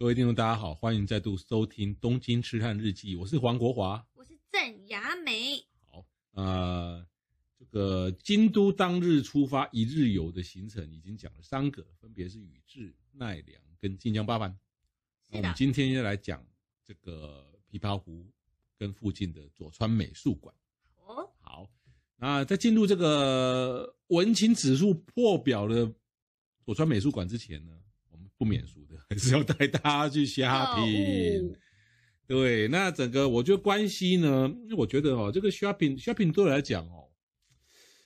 各位聽眾，大家好，歡迎再度收聽《東京痴漢日記》，我是黃國華，我是鄭雅梅。好，呃，這個京都當日出發一日遊的行程已經講了三個，分別是宇治、奈良跟近江八幡。那我們今天要來講這個琵琶湖跟附近的佐川美術館。哦，好。那在進入這個文青指數破表的佐川美術館之前呢，不免俗的還是要帶他去 shopping，、oh, uh. 對，那整個我覺得關係呢，因為我覺得哦，這個 shopping shopping 對我來講哦，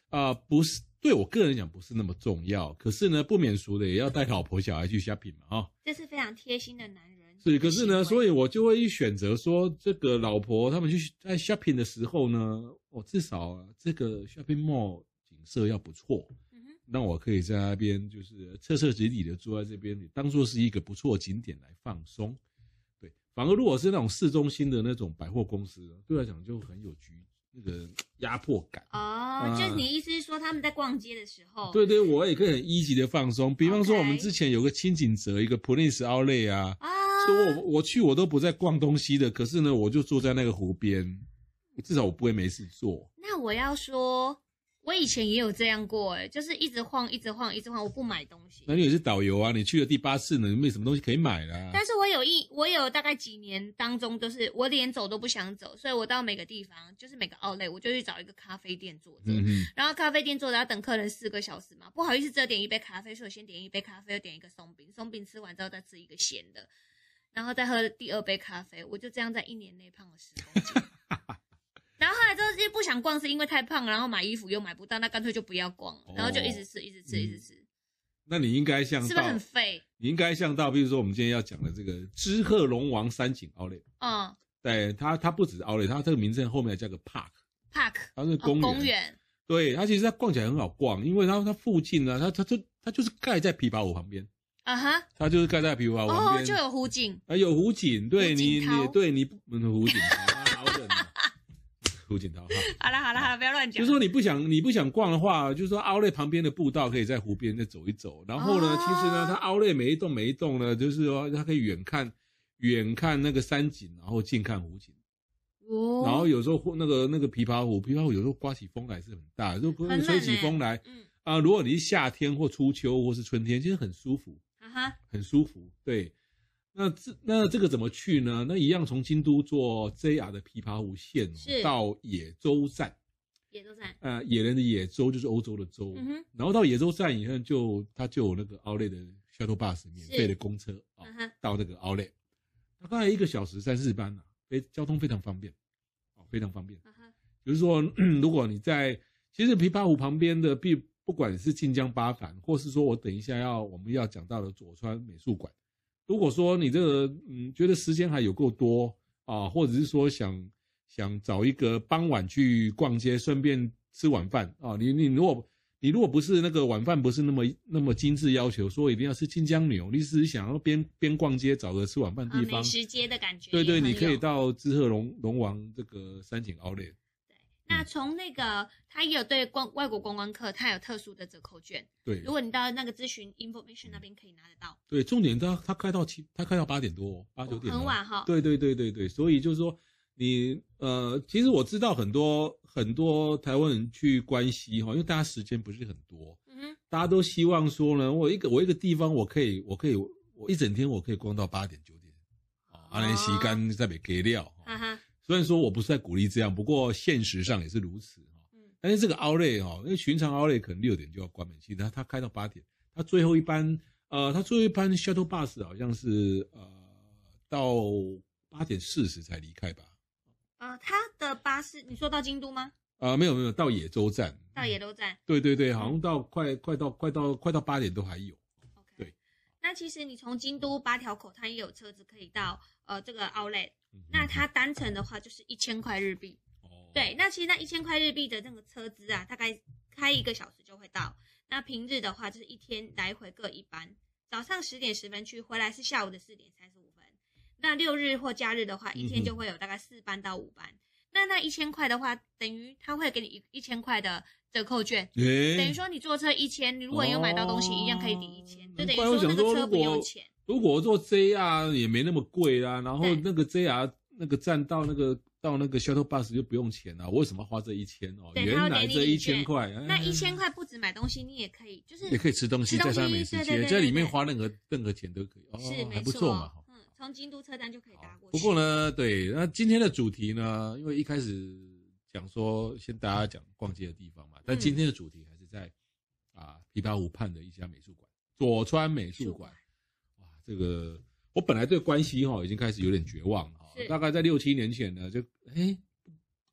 啊、呃，不是對我個人來講不是那麼重要，可是呢，不免俗的也要帶老婆小孩去 shopping 嘛，哈、哦，這是非常貼心的男人，所以可是呢，所以我就會去選擇說這個老婆他們去在 shopping 的時候呢，我、哦、至少這個 shopping mall 景色要不錯。那我可以在那邊，就是徹徹底底的坐在這邊，當做是一個不錯的景點來放鬆。對，反而如果是那種市中心的那種百貨公司，對我來講就很有局那個壓迫感哦，oh, 啊、就是你的意思是說他們在逛街的時候？對，對對，我也可以很一、e、級的放鬆。Okay. 比方說我們之前有個清景澤一個普林斯奧 c 啊，所以、oh, 我我去我都不在逛東西的，可是呢，我就坐在那個湖邊，至少我不會沒事做。那我要說。我以前也有這樣過、欸，哎，就是一直晃，一直晃，一直晃，我不買東西。那你也是導遊啊？你去了第八次呢，沒什麼東西可以買啦、啊。但是我有一，我有大概幾年當中都是我連走都不想走，所以我到每個地方，就是每個 outlet，我就去找一個咖啡店坐着，嗯、哼然後咖啡店坐着要等客人四個小時嘛，不好意思，只有點一杯咖啡，所以我先點一杯咖啡，又點一個鬆餅，鬆餅吃完之後再吃一個鹹的，然後再喝第二杯咖啡，我就這樣在一年內胖了十公斤。 直接不想逛是因為太胖，然後買衣服又買不到，那乾脆就不要逛了，然後就一直吃，一直吃，一直吃。那你應該像，是不是很廢？你應該像到，比如說我們今天要講的這個滋賀龍王三井奧萊。嗯，對，它它不只是奧萊，它這個名稱後面還叫個 park park，它是公園。公園。對，它其實它逛起來很好逛，因為它它附近呢，它它就它就是蓋在琵琶湖旁邊。啊哈。它就是蓋在琵琶湖旁邊，哦，就有湖景。啊，有湖景，對你，你，對你，湖景。哈，好了好了好了，不要亂講。就是說你不想你不想逛的話，就是說 outlet 旁邊的步道可以在湖邊再走一走。然後呢，啊、其實呢，它 outlet 每一棟每一棟呢，就是說它可以遠看遠看那個山景，然後近看湖景。哦。然後有時候那個那個琵琶湖，琵琶湖有時候颳起風來是很大的，就吹起風來，嗯啊、欸呃，如果你是夏天或初秋或是春天，其、就、實、是、很舒服，啊哈，很舒服，對。那這那這個怎麼去呢？那一樣從京都坐 JR 的琵琶湖線到野洲站，野洲站，呃，野人的野洲就是歐洲的洲，嗯、哼然後到野洲站以後就，就它就有那個奧萊的 shuttle bus 免費的公車是、哦、到那個奧萊。他剛才一個小時三四班啊，非交通非常方便，哦、非常方便。啊、哈比如說，如果你在其實琵琶湖旁邊的，不不管是近江八幡，或是說我等一下要我們要講到的佐川美術館。如果說你這個嗯覺得時間還有夠多啊，或者是說想想找一個傍晚去逛街，順便吃晚飯啊，你你如果你如果不是那個晚飯不是那麼那麼精緻要求，說一定要吃近江牛，你只是想要邊邊逛街找個吃晚飯的地方美食街的感覺，對對，你可以到滋賀龍龍王這個三井奧萊。那從那個，他也有對光外國觀光客，他有特殊的折扣券。對，如果你到那個諮詢 information 那邊可以拿得到。對，重點他他開到七，他開到八點多，八九點多、哦，很晚哈、哦。對對對對對，所以就是說你，你呃，其實我知道很多很多台灣人去關西哈，因為大家時間不是很多，嗯大家都希望說呢，我一個我一個地方我可以我可以我一整天我可以逛到八點九點，點哦、啊，時間才不會花掉。雖然說我不是在鼓勵這樣，不過現實上也是如此哈。但是這個奧 y 哈，因為尋常奧 y 可能六點就要關門，其他他開到八點，他最後一班呃，他最後一班 shuttle bus 好像是呃到八點四十才離開吧。呃，他的巴士你說到京都嗎？啊，呃，沒有沒有，到野洲站。到野洲站。對對對，好像到快快到快到快到八點都還有。那其實你從京都八條口，它也有車子可以到，呃，這個奧萊。那它單程的話就是一千塊日幣。Oh. 對，那其實那一千塊日幣的那個車子啊，大概開一個小時就會到。那平日的話，就是一天來回各一班，早上十點十分去，回來是下午的四點三十五分。那六日或假日的話，一天就會有大概四班到五班。那那一千塊的話，等於他會給你一一千塊的折扣券，等於說你坐車一千，你如果有買到東西，一樣可以抵一千，就等於說那個車不用錢。如果坐 JR 也沒那麼貴啦，然後那個 JR 那個站到那個到那個 Shuttle Bus 就不用錢了，為什麼花這一千哦？原來這一千塊，那一千塊不止買東西，你也可以，就是也可以吃東西，在上面吃，在裡面花任何任何錢都可以，是還不錯嘛。嗯，從京都車站就可以搭過去。不過呢，對，那今天的主題呢，因為一開始。講說先大家講逛街的地方嘛，但今天的主題還是在啊琵琶湖畔的一家美術館——佐川美術館。哇，這個我本來對關西哈、哦、已經開始有點絕望了、哦，是大概在六七年前呢，就哎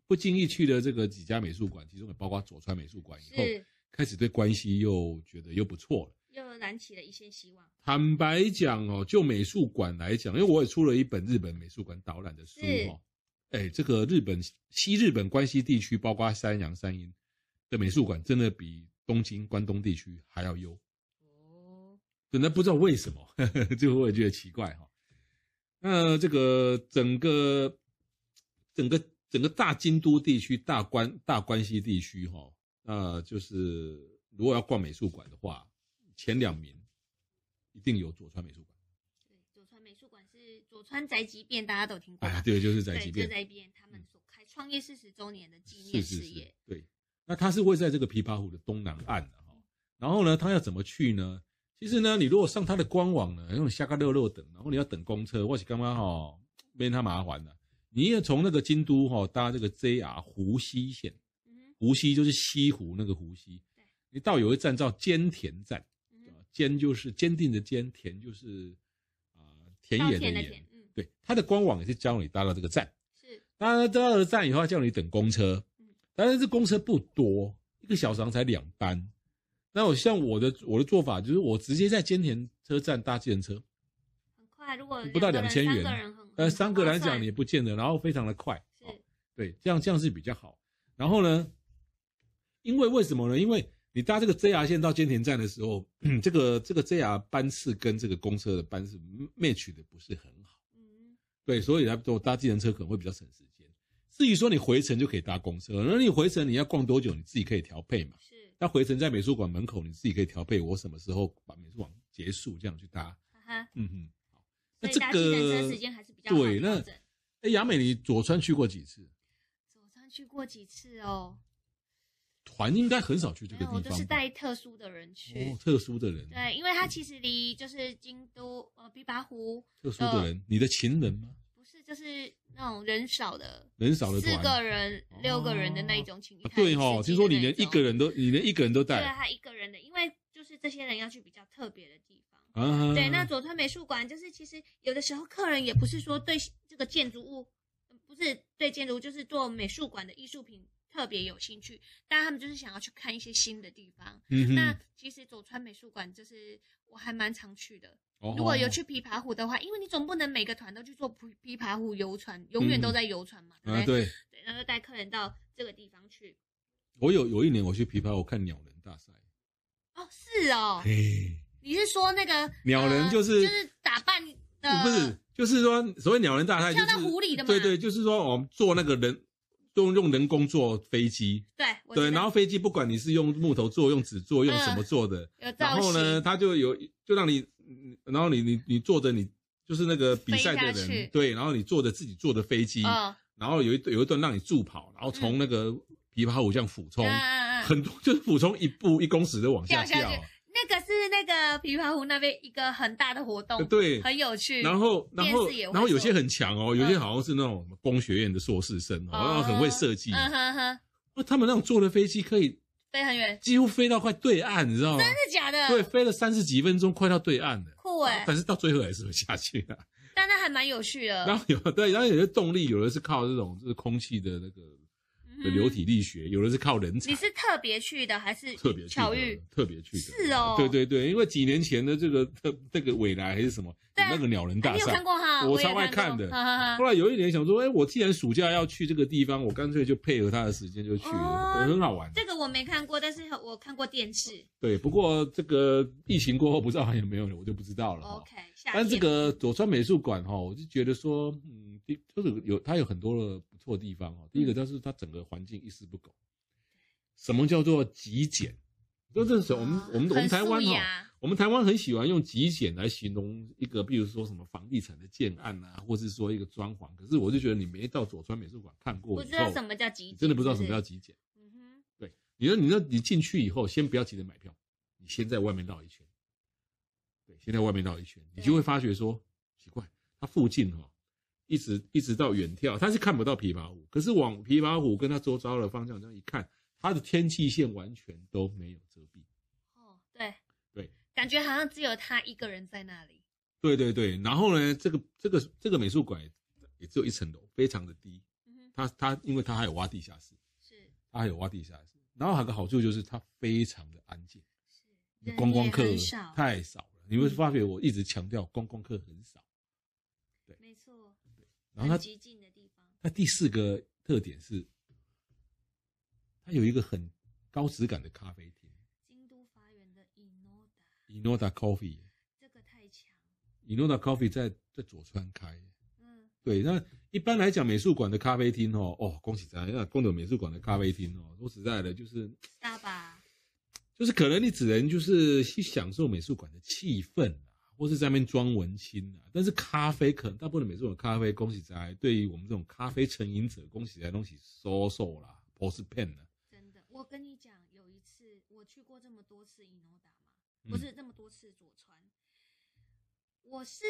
不經意去了這個幾家美術館，其中也包括佐川美術館以後，是開始對關西又覺得又不錯了，又燃起了一些希望。坦白講哦，就美術館來講，因為我也出了一本日本美術館導覽的書哈、哦。哎，這個日本西日本關西地區，包括山陽、山陰的美術館，真的比東京關東地區還要優哦。真的不知道為什麼， 就會覺得奇怪哈、哦。那這個整個整個整個大京都地區、大關大關西地區哈，那就是如果要逛美術館的話，前兩名一定有佐川美術館。不管是佐川宅急便，大家都聽過、哎、對，就是宅急便，宅急便他們所開創業四十周年的紀念事業。是是是對，那他是會在這個琵琶湖的東南岸、嗯、然後呢，他要怎麼去呢？其實呢，你如果上他的官網呢，用下個六六等，然後你要等公車，我者剛剛哈，蠻他麻煩了你要從那個京都哈、哦、搭這個 JR 湖西線，嗯、哼湖西就是西湖那個湖西，對你到有一站叫堅田站，堅、嗯、哼就是堅定的堅田就是。田野的野，嗯、對，他的官網也是教你搭到這個站，是，那搭到了站以後，他叫你等公車，嗯，但是這公車不多，一個小時才兩班，那我像我的我的做法就是我直接在堅田車站搭計程車，很快，如果兩個人不到兩千元，但三個來講也不見得，然後非常的快，哦、算 對，這樣這樣是比較好，然後呢，因為為什麼呢？因為你搭這個 JR 線到堅田站的時候，這個這個 JR 班次跟這個公車的班次、嗯、match 的不是很好，對，所以大都搭計程車，可能會比較省時間。至於說你回程就可以搭公車，那你回程你要逛多久，你自己可以調配嘛。是，那回程在美術館門口，你自己可以調配我什麼時候把美術館結束這樣去搭。哈、啊、哈，嗯哼，那這個搭時間還是比較、這個、對。那哎，亞美，你佐川去過幾次？佐川去過幾次哦。團應該很少去這個地方，就是帶特殊的人去，特殊的人，對，因為他其實離就是京都呃、琵琶湖，特殊的人，你的情人嗎？不是，就是那種人少的，人少的四個人、六個人的那一種情況、啊、啊、對哈、哦，聽說你連一個人都，你連一個人都帶，對，他一個人的，因為就是這些人要去比較特別的地方，啊、對。那佐川美術館就是其實有的時候客人也不是說對這個建築物，不是對建築，就是做美術館的藝術品。特別有興趣，但他們就是想要去看一些新的地方。嗯哼，那其實佐川美術館就是我還蠻常去的。哦，哦，哦，如果有去琵琶湖的話，因為你總不能每個團都去坐琵琶湖遊船，永遠都在遊船嘛，嗯、對不對？啊、對，然後帶客人到這個地方去。我有有一年我去琵琶湖看鳥人大賽。嗯、哦，是哦。哎嘿，你是說那個鳥人就是、呃、就是打扮的？不是，就是說所謂鳥人大賽就是跳到湖裡的嘛？對對，就是說我們做那個人。用用人工做飛機，對對，對，然後飛機不管你是用木頭做、用紙做、用什麼做的，嗯、然後呢，它就有就讓你，然後你你你坐着你就是那個比賽的人，對，然後你坐着自己坐的飛機，哦、然後有一有一段讓你助跑，然後從那個琵琶湖這樣俯衝，嗯、很多就是俯衝一步一公尺的往下跳。跳下那個是那個琵琶湖那邊一個很大的活動，對，很有趣。然後，然後，然後有些很強哦，有些好像是那種工學院的碩士生哦，很會設計。哈哈哈。他們那種坐的飛機可以飛很遠，幾乎飛到快對岸，你知道嗎？真的假的？對，飛了三十幾分鐘，快到對岸了。酷哎！但是到最後還是會下去啊。但那還蠻有趣的。然後有，對，然後有些動力，有的是靠這種就是空氣的那個。流體力學，有的是靠人才。你是特別去的還是特別巧遇？特別去的。是哦。對對對，因為幾年前的這個這個未來還是什麼？啊、那個鳥人大賽，你、啊、有看過哈、啊？我超常愛看，看的。呵呵呵，後來有一年想說，哎、欸，我既然暑假要去這個地方，我乾脆就配合他的時間就去了，哦、很好玩。這個我沒看過，但是我看過電視。對，不過這個疫情過後不知道還有沒有，我就不知道了。OK。但這個佐川美術館哈、哦，我就覺得說，嗯，就是有它有很多的。錯地方哈，第一個，就是它整個環境一絲不苟。什麼叫做極簡？這這是我們我們我們台灣哈，我們台灣很喜歡用極簡來形容一個，比如說什麼房地產的建案吶、啊，或是說一個裝潢。可是我就覺得你沒到佐川美術館看過，不知道什麼叫極簡，真的不知道什麼叫極簡。嗯哼，對，你說你說你進去以後，先不要急着買票，你先在外面繞一圈。對，先在外面繞一圈，你就會發覺說，奇怪，它附近哈、哦。一直一直到遠眺，他是看不到琵琶湖，可是往琵琶湖跟他周遭的方向這樣一看，他的天際線完全都沒有遮蔽。哦，對對，感覺好像只有他一個人在那裡。對對對，然後呢，這個這個這個美術館也，也只有一層樓，非常的低。他他、嗯哼，因為他還有挖地下室，是，他還有挖地下室。然後他的好處就是他非常的安靜，是，觀光客少太少了。你會發覺我一直強調觀光客很少。嗯然後它,它第四個特點是，它有一個很高質感的咖啡廳。京都發源的 Inoda Inoda Coffee，這個太強。Inoda Coffee 在在佐川開。嗯，對。那一般來講，美術館的咖啡廳哦，哦，恭喜在那逛走美術館的咖啡廳哦。說實在的，就是大吧，就是可能你只能就是去享受美術館的氣氛。或是在那邊裝文青啊，但是咖啡可能大部分的美式咖啡，恭喜在對於我們這種咖啡成癮者，恭喜在東西縮水啦。不是騙的。啊、真的，我跟你講，有一次我去過這麼多次伊諾達嘛，不是這麼多次佐川，我是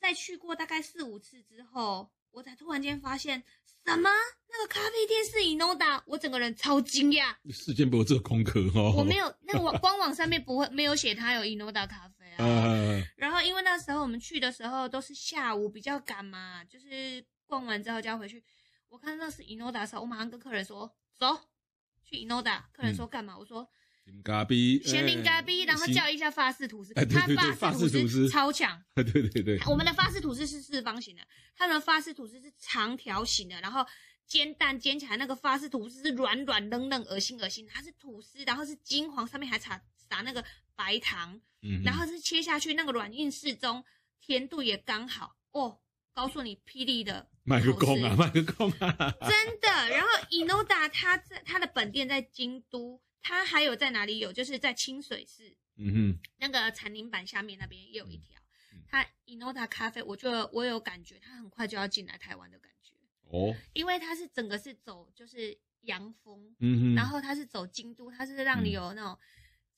在去過大概四五次之後。我才突然間發現，什麼那個咖啡店是 Inoda，我整個人超驚訝。時間不夠做功課哦？我沒有那個官網上面不會 沒有寫他有 Inoda 咖啡啊。啊，然後因為那時候我們去的時候都是下午比較趕嘛，就是逛完之後就要回去。我看那是 Inoda 的時候，我馬上跟客人說走，去 Inoda。客人說幹嘛？嗯、我說。咸咖咸靈咖喱，然後叫一下法式吐司，他、哎、法式吐司超強。對對對、啊，我們的法式吐司是四方形的，他的法式吐司是長條形的，然後煎蛋煎起來那個法式吐司是軟軟嫩嫩，惡心惡心，它是吐司，然後是金黃，上面還撒撒那個白糖，嗯、哼然後是切下去那個軟硬適中，甜度也剛好哦。告訴你，霹靂的麥擱講啊，麥擱講啊，真的。然後 INODA，他在他的本店在京都。它還有在哪裡有？就是在清水寺，嗯哼，那個禪林坂下面那邊也有一條。嗯嗯、它 INODA 咖啡，我就我有感覺，它很快就要進來台灣的感覺哦，因為它是整個是走就是洋風，嗯哼，然後它是走京都，它是讓你有那種。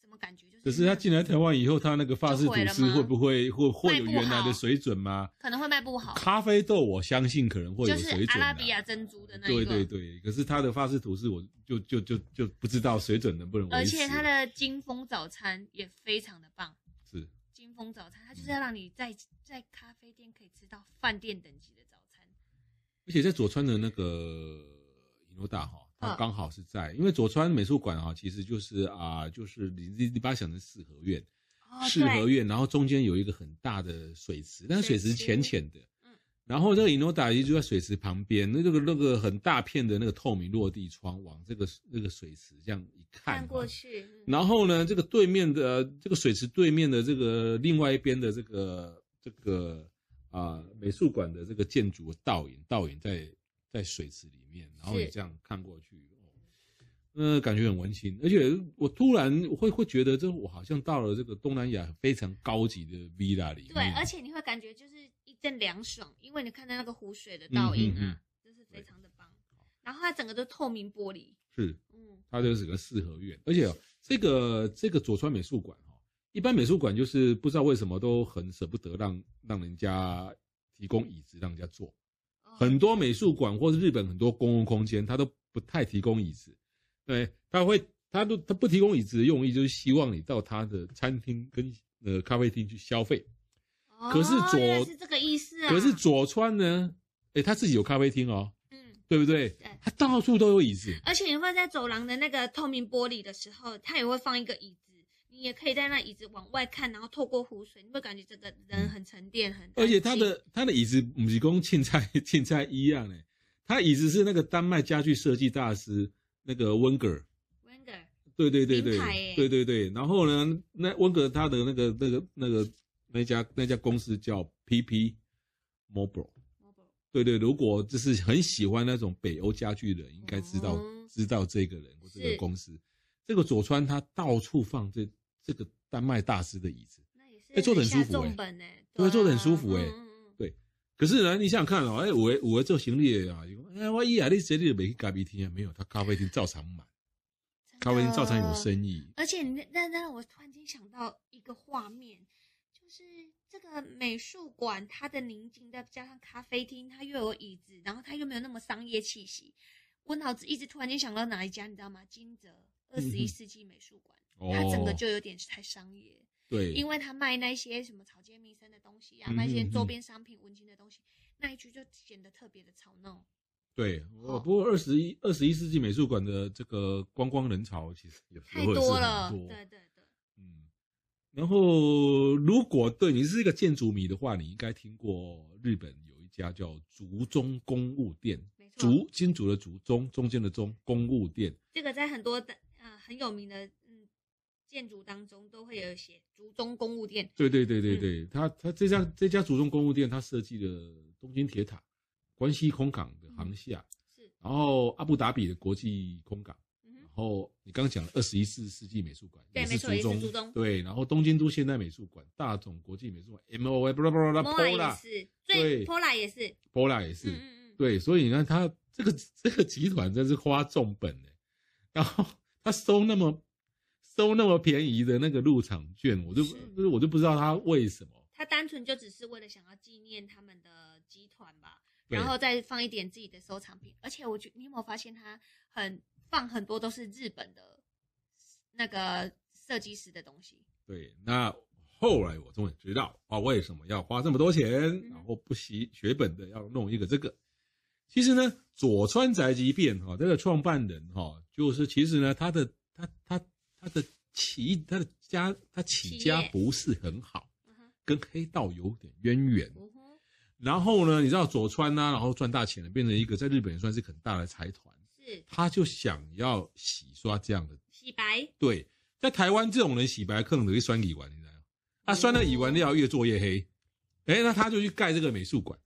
是可是他進來台灣以後，他那個法式吐司會不會會，會有原來的水準嗎？可能會賣不好。咖啡豆我相信可能會有水準，啊。阿拉比亞珍珠的那對對對。可是他的法式吐司我就就就就不知道水準能不能。而且他的金峰早餐也非常的棒。是金峰早餐，他就是要讓你在在咖啡店可以吃到飯店等級的早餐，嗯。而且在佐川的那個伊諾達它剛好是在，因為佐川美術館啊，其實就是啊，就是你你你把它想成四合院，四合院，然後中間有一個很大的水池，但是水池是淺淺的，嗯，然後這個伊諾達伊就在水池旁邊，那這個那個很大片的那個透明落地窗，往這個那個水池這樣一看，看過去，然後呢，這個對面的這個水池對面的這個另外一邊的這個這個啊美術館的這個建築的倒影，倒影在。在水池裡面，然後你這樣看過去，那是、嗯呃、感覺很溫馨，而且我突然會會覺得這，這我好像到了這個東南亞非常高級的 Villa 裡面。對，而且你會感覺就是一陣涼爽，因為你看到那個湖水的倒影，啊、嗯，嗯，嗯，真是非常的棒。對然後它整個都透明玻璃，是，嗯，它就是個四合院，而且、喔、這個這個佐川美術館哦，一般美術館就是不知道為什麼都很捨不得讓讓人家提供椅子讓人家坐。嗯很多美術館或是日本很多公共空間，他都不太提供椅子，對，他會，他都他不提供椅子的用意就是希望你到他的餐廳跟呃咖啡廳去消費。哦，可是佐，是這個意思啊。可是佐川呢？誒、欸，他自己有咖啡廳哦，嗯，對不對？對，他到處都有椅子。而且你會在走廊的那個透明玻璃的時候，他也會放一個椅子。你也可以在那椅子往外看，然後透過湖水，你會感覺這個人很沉澱，很、嗯。而且他的他的椅子不是跟青菜青菜一樣誒。他椅子是那個丹麥家具設計大師那個 Wegner。Wegner。對對對對、欸、對對對。然後呢，那 Wegner 他的那個那個那個那家那家公司叫 PP Møbler 對對，如果就是很喜歡那種北歐家具的人，嗯、應該知道知道這個人或這個公司。這個佐川他到處放這。這個丹麥大師的椅子，哎、欸，坐得很舒服哎、欸，坐得很舒服哎，對。可是呢，你想想看哦、喔，哎、欸，我我五做行李啊，哎，萬、欸、一啊，你這裡沒去咖啡廳啊，沒有，他咖啡廳照常滿，的咖啡廳照常有生意。而且那，那那讓我突然間想到一個畫面，就是這個美術館它的寧靜，再加上咖啡廳，它又有椅子，然後它又沒有那麼商業氣息。我腦子一直突然間想到哪一家，你知道嗎？金澤二十一世紀美術館。 他整個就有點太商業，哦，對，因為他賣那些什麼草間彌生的東西呀、啊，嗯、哼哼賣一些周邊商品、文青的東西，嗯、哼哼那一區就顯得特別的吵鬧。對，我、哦、不過二十一、二十一世紀美術館的這個觀光人潮其實也很多太多了，對對對，嗯。然後，如果對你是一個建築迷的話，你應該聽過日本有一家叫竹中工務店。錯竹金竹的竹中、中間的中工務店，這個在很多的嗯、呃、很有名的。建築當中都會有一些竹中工務店。對對對對對，他他這家這家竹中工務店，他設計了東京鐵塔、關西空港的航廈，是，然後阿布達比的國際空港，然後你剛剛講了二十一世紀美術館也是竹中，對，然後東京都現代美術館、大塚國際美術館、M O A 布拉布拉布拉波拉也是，對，波拉也是，波拉也是，嗯嗯，對，所以你看他這個這個集團真是花重本的，然後他收那麼。都那麼便宜的那個入場券，我就不我就不知道他為什麼。他單純就只是為了想要紀念他們的集團吧，然後再放一點自己的收藏品。而且我覺得你有沒有發現他很放很多都是日本的那個設計師的東西。對，那後來我終於知道啊，為什麼要花這麼多錢，然後不惜血本的要弄一個這個。其實呢，佐川宅急便哈、哦，這個創辦人哈、哦，就是其實呢，他的他他。他他的起他的家他起家不是很好，跟黑道有點淵源。然後呢，你知道佐川啊，然後賺大錢了，變成一個在日本也算是很大的財團。是，他就想要洗刷這樣的洗白。對，在台灣這種人洗白可能容易選議員，你知道嗎？他選了議員，料要越做越黑。哎，那他就去蓋這個美術館，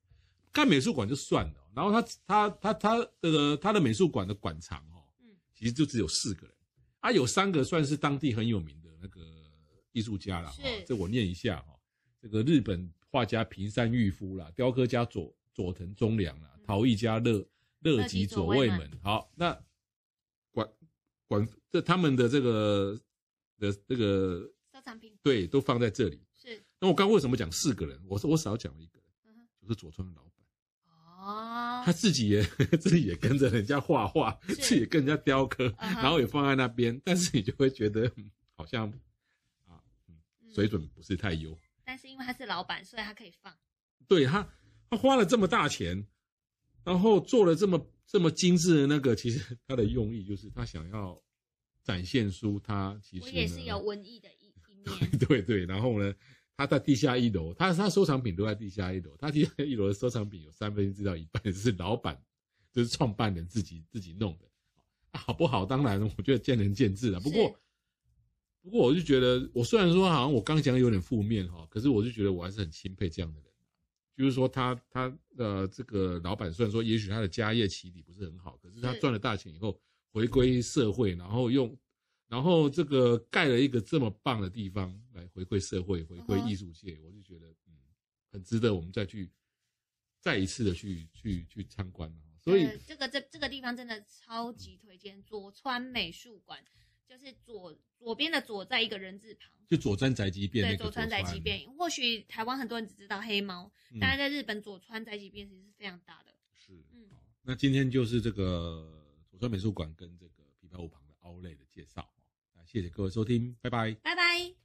蓋美術館就算了。然後他他他他這個他的美術館的館藏哦，其實就只有四個人。啊，有三個算是當地很有名的那個藝術家了，哈是、哦，這我念一下哈、哦，這個日本畫家平山玉夫、平山郁夫啦，雕刻家佐佐藤忠良啦，嗯、陶藝家樂樂吉左衛門。衛。好，那管管這他們的這個的這、那個收藏品，對，都放在這裡。是，那我剛，剛為什麼講四個人？我說我少講了一個，嗯、哼就是佐川老闆，他自己也自己也跟着人家畫畫，是自己也跟人家雕刻，uh huh. 然後也放在那邊。但是你就會覺得好像啊，水準不是太優。嗯，但是因為他是老板，所以他可以放。對，他，他花了這麼大錢，然後做了這麼這麼精致的那個，其實他的用意就是他想要展現出他其實我也是有文藝的一一面。對對，對，然後呢？他在地下一樓，他他收藏品都在地下一樓。他地下一樓的收藏品有三分之一到一半是老闆，就是創辦人自己自己弄的、啊，好不好？當然，我覺得見仁見智了。不過，是不過我就覺得，我雖然說好像我剛講有點負面哈、哦，可是我就覺得我還是很欽佩這樣的人。就是說他，他他呃這個老闆雖然說也許他的家業起底不是很好，可是他賺了大錢以後回歸社會，是然後用。然後這個蓋了一個這麼棒的地方來回饋社會、回饋藝術界，Oh. 我就覺得嗯，很值得我們再去再一次的去去去參觀、啊。所以這個這這個地方真的超級推薦佐川美術館，嗯、就是左左邊的左在一個人字旁，就佐川,川宅急便。對，佐川宅急便。或許台灣很多人只知道黑貓，嗯、但是在日本佐川宅急便其實是非常大的。是，嗯好。那今天就是這個佐川美術館跟這個琵琶湖旁的奧萊的介紹。謝謝各位收聽，拜拜，拜拜。